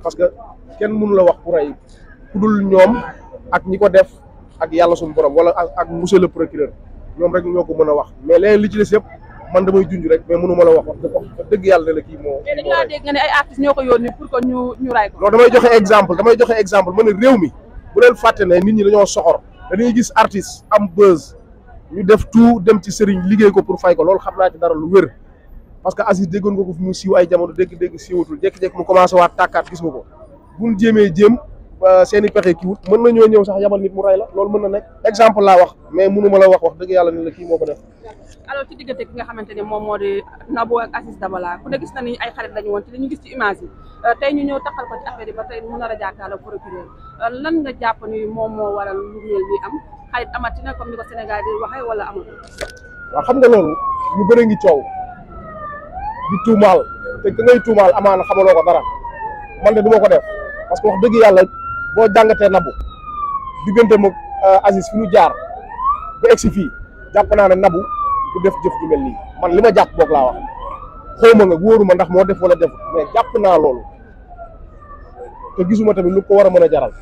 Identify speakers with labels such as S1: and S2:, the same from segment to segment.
S1: parce que kenn mënu la wax ku rey ku ñoom ak ñi ko def ak yàlla suñu borom wala ak monsieur le procureur ñoom rek ñoo ko mën a wax mais léegi li ci des yëpp man damay junj rek mais mënu la wax wax dëgg yàlla ne kii moo. mais dañu laa dégg ko yónni pour que ñu ñu ray damay joxe exemple damay joxe exemple ma ne réew mi bu leen fàtte ne nit ñi lañoo soxor dañuy gis artiste am buzz ñu def tout dem ci sëriñ liggéey ko pour fay ko loolu xam naa ci dara lu wér. parce que Aziz déggoon nga ko fi mu siiw ay jamono dégg-dégg siiwatul jékki-jékki mu commencé waat tàkkaat gis nga ko buñ jéemee jéem seen pexe kii wut mën nañoo ñëw sax yabal nit mu rey la loolu mën na nekk exemple laa wax mais mënu ma la wax wax dëgg yàlla ni la kii moo ko def. alors ci diggante ki nga xamante ne moom moo di Nabou ak Aziz Dabala ku ne gis na ni ay xarit lañu woon ci li ñu gis ci image euh, tey ñu ñëw taxal ko ci affaire ba tey mu nar a jàkkaarloo procureur euh, lan nga moom moo waral lu mel ni am xarit amatina comme wala amul. waaw xam nga loolu ñu bëri ngi coow di tuumaal te ki ngay tuumaal amaana xamaloo ko dara man de duma ko def parce que wax dëgg yàlla boo jàngatee nabu diggante moog euh, Aziz fi ñu jaar ba egsi fii jàpp naa ne nabu du def jëf ju mel nii man li ma jàpp boog laa wax xaw ma nga wóoruma ndax moo def wala def mais jàpp naa loolu te gisuma tamit lu ko war a mën a jaral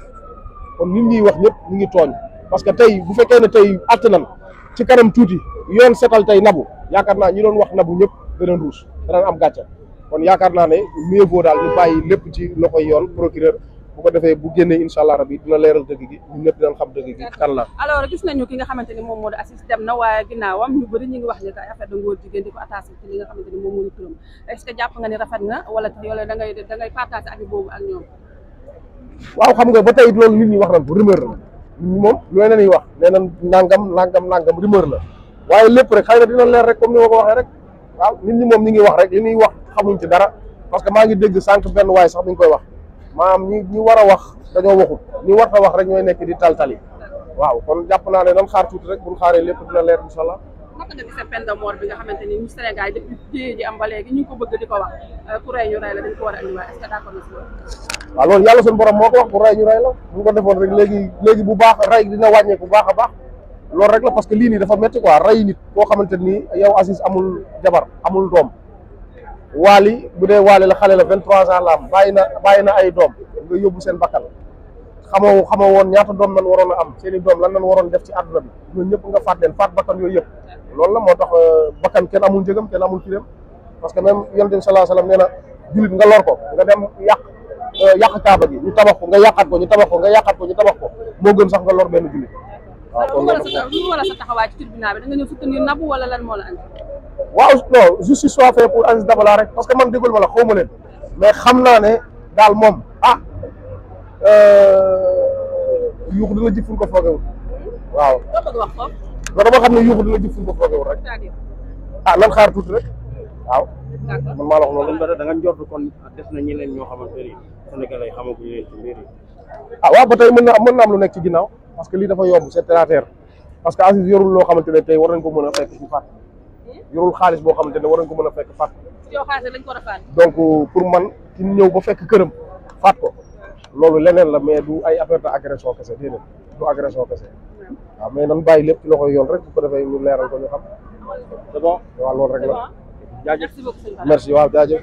S1: kon nit ñi wax ñëpp ñu ngi tooñ parce que tey bu fekkee ne tey àtt nan ci kanam tuuti yoon setal tey nabu yaakaar naa ñi doon wax nabu ñëpp danañ ruus danañ am gàcce kon yaakaar naa ne mieux vaut daal ñu bàyyi lépp ci loxoy yoon procureur bu ko defee bu génnee incha allah rabi dina leeral dëgg gi ñun ñëpp dinañ xam dëgg gis nañu ki nga xamante ni moom moo di na waaye ginnaawam ñu bëri ko attaché nga ni moom moo ñu que jàpp nga ni rafet na wala yoole da ngay da ngay partagé ak boobu ak ñoom waaw xam nga ba tey loolu nit ñi wax nañ ko rumeur la ñi moom looy la ñuy wax nee na nangam nangam nangam rumeur la waaye lépp rek xëy na dina leer rek comme ni ma ko waxee rek waaw nit ñi moom ñi ngi wax rek li ñuy wax xamuñ ci dara parce que maa ngi dégg sant benn waay sax mi ngi koy wax maanaam ñi ñi war a wax dañoo waxul ñi war a wax rek ñooy nekk di taltali waaw kon jàpp naa ne nan xaar rek bu ñu xaaree lépp dina leer incha allah. naka nga bi nga xamante ni ñu am ba léegi ñu ko bëgg di euh, a andiwaat est ce que d'accord borom moo ko wax ñu rey bu ko defoon rek léegi léegi bu baax rey dina wàññeeku bu baax a baax loolu rek la parce que lii nii dafa métti quoi rey nit koo xamante ni yow Aziz amul jabar amul doom waali bu dee waali la xale la vingt trois ans la am bàyyi na bàyyi na ay doom nga yóbbu seen bakkal xamoo xamoo woon ñaata doom lan waroon a am seen doom lan lan waroon def ci àdduna bi ñooñu ñëpp nga faat leen faat bakkan yooyu yëpp loolu la moo tax euh, bakkan kenn amul njëgam kenn amul kiréem parce que même yonent bi sallallahu alayhi wasallam nee na jullit nga lor ko nga dem yàq euh, yàq kaaba gi ñu tabax nga yàqaat ko ñu tabax ko nga yàqaat ko ñu tabax ko moo gën sax nga lor benn jullit waaw lu wala sa taxawaay ci soit faite pour Aziz Dabala rek parce que man déggul ma la xaw ma leen mais xam naa ne daal moom ah euh, yuuxu dina jëf fu ko foogewul waaw. dama bëgg xam ne yuuxu dina jëf fu ñu ko foogewul rek. ah waaw. da nga des na ñeneen ñoo xamante ni Sénégalais xamaguñ leen ci mbir ah, ba tey mën na am lu nekk ci ginnaaw. parce que lii dafa yomb c'est terre à parce que Aziz yorul loo xamante ne tey war nañ ko mën a fekk ci fàtt xaalis boo xamante ne war nañ ko mën a fekk fàtt donc pour man ki ñëw ba fekk këram faat ko loolu leneen la mais du ay affaire de agression kese déedéet du agression kese waaw mais nan bàyyi lépp ci loxo yoon rek bu ko defee ñu leeral ko ñu xam c'est merci waaw jaajëf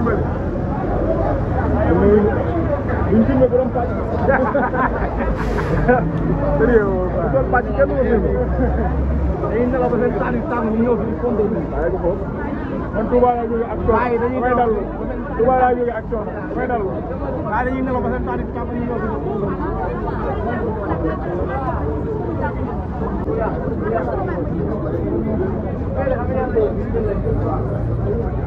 S1: dimbali. duñ filmé borom pàcc. sérieux waaw borom pàcc kenn ko filmé. dañuy nelaw ba seen saal yu tàng ñu ñëw fi fondé ñu. waaye ko foofu. man Touba laa jóge ak coono. waaye dañuy nelaw dalu. Touba laa jóge ak coono damay dalu. waaye dañuy nelaw ba seen saal yu tàng ñu ñëw fi fondé ñu.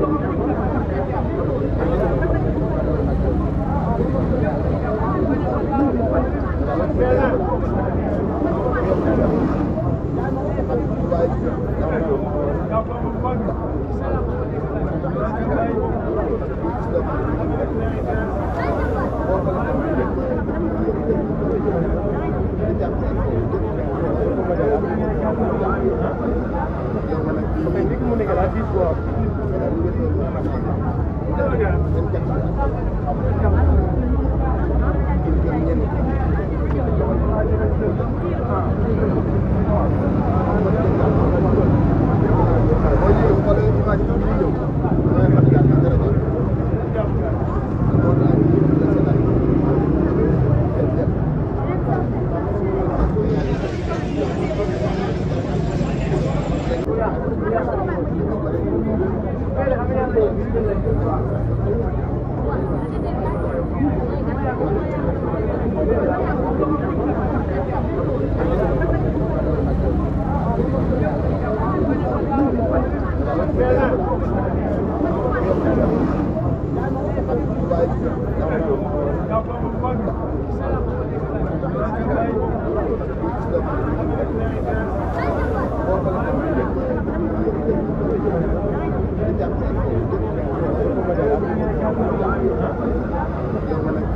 S1: Thank you.